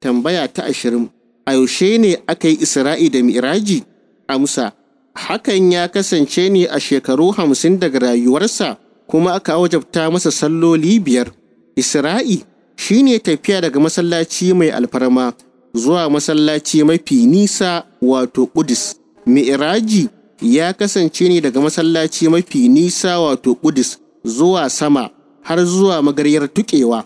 Tambaya ta ashirin, a yaushe ne aka yi Isra'i da Mi'raji? Amsa, hakan ya kasance ne a shekaru hamsin daga rayuwarsa kuma aka wajabta masa salloli biyar. Isra'i shi ne tafiya daga masallaci mai alfarma zuwa masallaci mafi nisa wato Kudus. Mi'raji ya kasance ne daga masallaci mafi nisa wato Kudus zuwa sama har zuwa magaryar tuƙewa.